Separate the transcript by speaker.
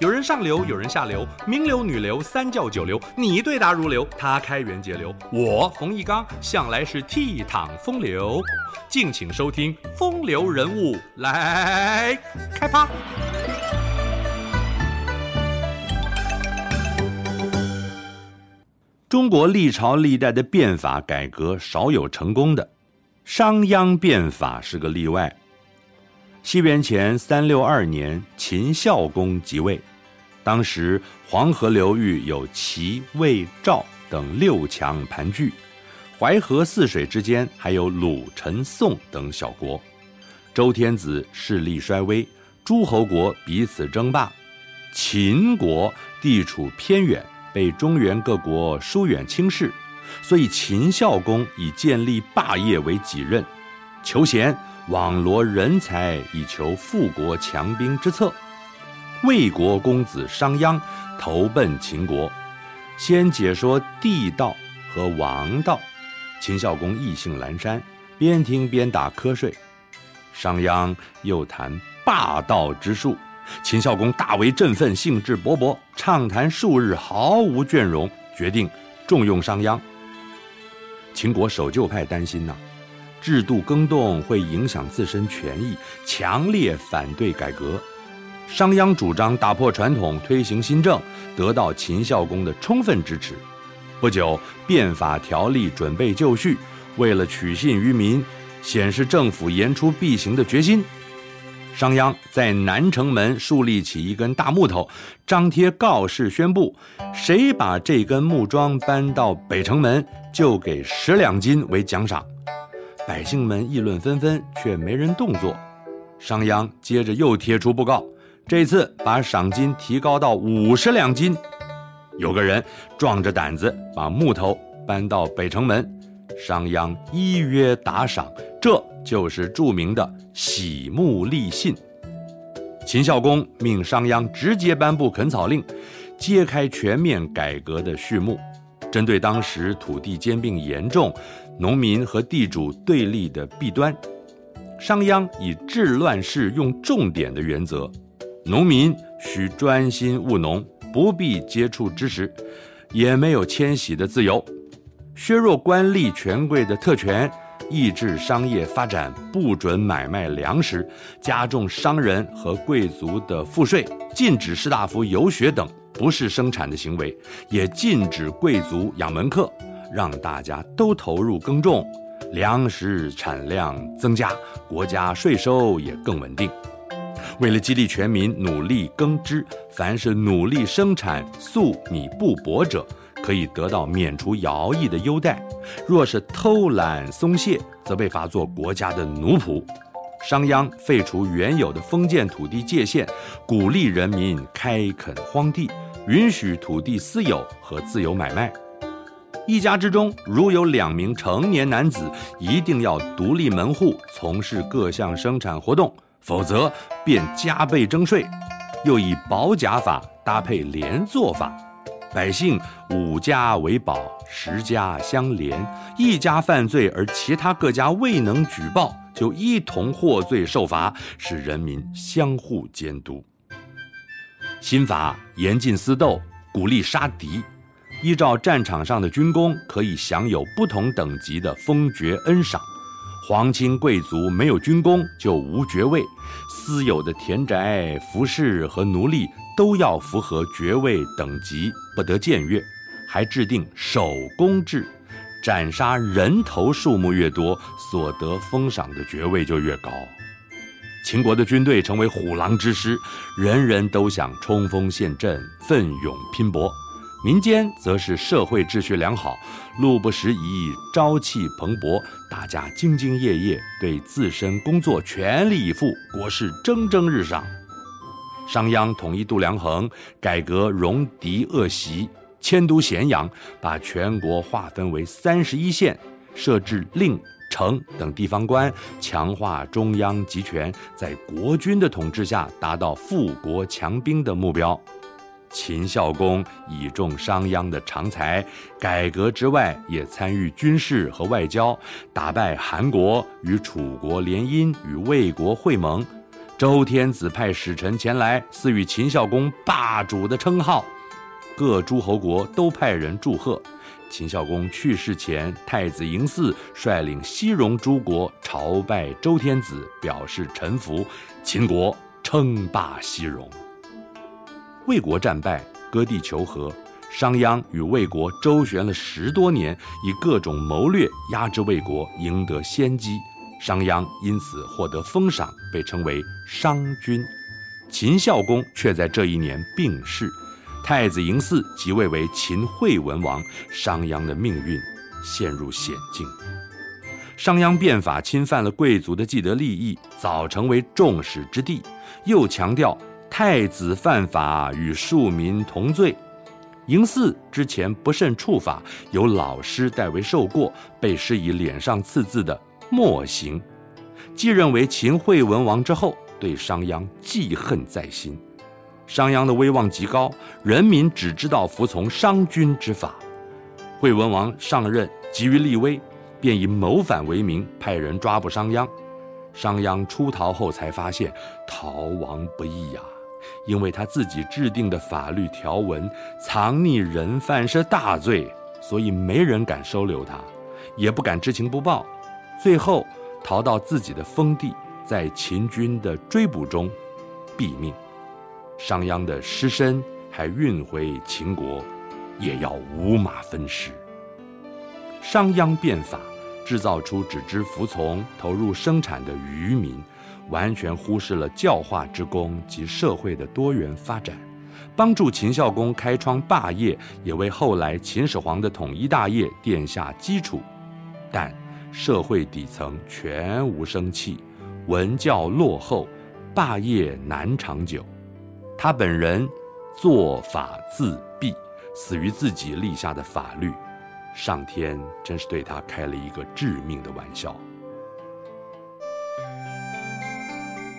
Speaker 1: 有人上流，有人下流，名流、女流、三教九流，你對答如流，他開源節流，我馮翊綱向來是倜儻風流。敬請收聽《風流人物》來，來開趴。中國歷朝歷代的變法改革少有成功的，商鞅變法是個例外。西元前三六二年，秦孝公即位。當時黃河流域有齊、魏、趙等六強盤踞，淮河、泗水之間還有魯、陳、宋等小國。周天子勢力衰微，諸侯國彼此爭霸。秦國地處偏遠，被中原各國疏遠輕視，所以秦孝公以建立霸業為己任，求賢，網羅人才，以求富國強兵之策。魏國公子商鞅投奔秦國，先解說帝道和王道。秦孝公意興闌珊，邊聽邊打瞌睡。商鞅又談霸道之術，秦孝公大為振奮，興致勃勃，勃，暢談數日，毫無倦容，決定重用商鞅。秦國守舊派擔心呢、啊。制度更動會影響自身權益，強烈反對改革。商鞅主張打破傳統，推行新政，得到秦孝公的充分支持。不久，變法條例準備就緒。為了取信於民，顯示政府言出必行的決心，商鞅在南城門樹立起一根大木頭，張貼告示宣布：誰把這根木樁搬到北城門，就給十兩金為獎賞。百姓們議論紛紛，卻沒人動作。商鞅接着又貼出佈告，這次把賞金提高到五十兩金。有個人壯着膽子把木頭搬到北城門，商鞅依約打賞，這就是著名的“徙木立信”。秦孝公命商鞅直接頒布墾草令，揭開全面改革的序幕。針對當時土地兼併嚴重，農民和地主對立的弊端，商鞅以治亂世用重典的原則，農民需專心務農，不必接觸知識，也沒有遷徙的自由，削弱官吏權貴的特權，抑制商業發展，不准買賣糧食，加重商人和貴族的賦稅，禁止士大夫遊學等不是生產的行為，也禁止貴族養門客。讓大家都投入耕種，糧食產量增加，國家稅收也更穩定。為了激勵全民努力耕織，凡是努力生產粟米布帛者，可以得到免除徭役的優待；若是偷懶鬆懈，則被罰做國家的奴僕。商鞅廢除原有的封建土地界限，鼓勵人民開墾荒地，允許土地私有和自由買賣。一家之中如有兩名成年男子，一定要獨立門戶從事各項生產活動，否則便加倍徵稅。又以保甲法搭配連坐法，百姓五家為保，十家相連。一家犯罪而其他各家未能舉報，就一同獲罪受罰，使人民相互監督。新法嚴禁私鬥，鼓勵殺敵。依照戰場上的軍功，可以享有不同等級的封爵恩賞。皇親貴族沒有軍功就無爵位，私有的田宅、服飾和奴隸都要符合爵位等級，不得僭越。還制定首功制，斬殺人頭數目越多，所得封賞的爵位就越高。秦國的軍隊成為虎狼之師，人人都想衝鋒陷陣、奮勇拼搏。民間則是社會秩序良好，路不拾遺，朝氣蓬勃，大家兢兢業業，對自身工作全力以赴，國事蒸蒸日上。商鞅統一度量衡，改革戎狄惡習，遷都咸陽，把全國劃分為三十一縣，設置令、丞等地方官，強化中央集權，在國君的統治下，達到富國強兵的目標。秦孝公倚重商鞅的長才，改革之外也參與軍事和外交，打敗韓國，與楚國聯姻，與魏國會盟。周天子派使臣前來，賜予秦孝公“霸主”的稱號。各諸侯國都派人祝賀。秦孝公去世前，太子嬴駟率領西戎諸國朝拜周天子，表示臣服。秦國稱霸西戎。魏國戰敗，割地求和。商鞅與魏國周旋了十多年，以各種謀略壓制魏國，贏得先機。商鞅因此獲得封賞，被稱為商君。秦孝公卻在這一年病逝，太子嬴駟即位為秦惠文王。商鞅的命運陷入險境。商鞅變法侵犯了貴族的既得利益，早成為眾矢之的。又強調。太子犯法與庶民同罪，嬴駟之前不慎觸法，由老師代為受過，被施以臉上刺字的墨刑。繼任為秦惠文王之後，對商鞅記恨在心。商鞅的威望極高，人民只知道服從商君之法。惠文王上任急於立威，便以謀反為名派人抓捕商鞅。商鞅出逃後才發現逃亡不易呀、啊。因為他自己制定的法律條文，藏匿人犯是大罪，所以沒人敢收留他，也不敢知情不報，最後逃到自己的封地，在秦軍的追捕中斃命。商鞅的屍身還運回秦國，也要五馬分屍。商鞅變法，制造出只知服從、投入生產的愚民。完全忽視了教化之功及社會的多元發展，幫助秦孝公開創霸業，也為後來秦始皇的統一大業奠下基礎。但社會底層全無生氣，文教落後，霸業難長久。他本人作法自斃，死於自己立下的法律。上天真是對他開了一個致命的玩笑。